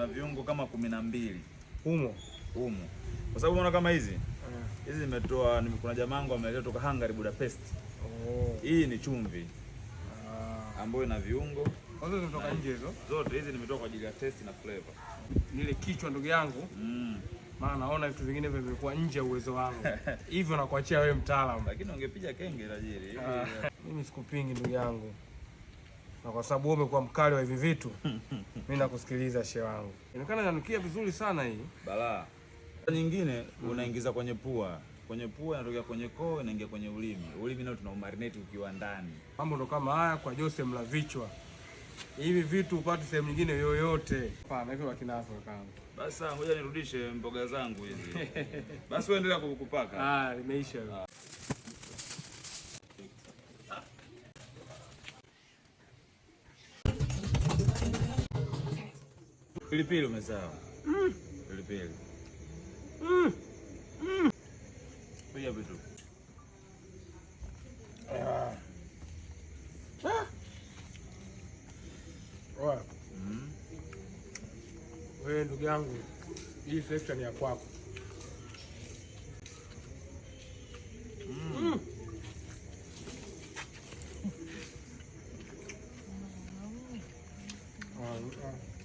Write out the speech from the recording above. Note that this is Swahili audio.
kuna viungo kama kumi na mbili humo humo, kwa sababu unaona kama hizi eh. hizi nimetoa, zimetoa. Kuna jamaa wangu ameleta kutoka Hungary Budapest. Oh, hii ni chumvi ah, ambayo ina viungo zinatoka nje hizo zote. Hizi nimetoa kwa ajili ya test na flavor. Nile kichwa ndugu yangu mm. Maana naona vitu vingine vimekuwa nje ya uwezo wangu hivyo nakuachia wewe mtaalamu, lakini ungepiga kenge tajiri. Ah. Mimi sikupingi ndugu yangu, na kwa sababu wewe umekuwa mkali wa hivi vitu mimi nakusikiliza shehe wangu. Inaonekana inanukia vizuri sana hii balaa. Nyingine mm. unaingiza kwenye pua, kwenye pua inatokea kwenye koo inaingia kwenye ulimi, ulimi nao tuna marinate ukiwa ndani. Mambo ndo kama haya kwa Jose Mlavichwa. vichwa hivi vitu upate sehemu nyingine yoyote. Hapana, wakina hapo kama. Basi ngoja nirudishe mboga zangu hizi. Basi wewe kukupaka. Ah, limeisha Ah. Pilipili umesahau. Mm. Pilipili. Mm. Mm. Pia Ah. ah. Mm. Wewe ndugu yangu, hii ni ya kwako. Mm. mm. Ah, ah.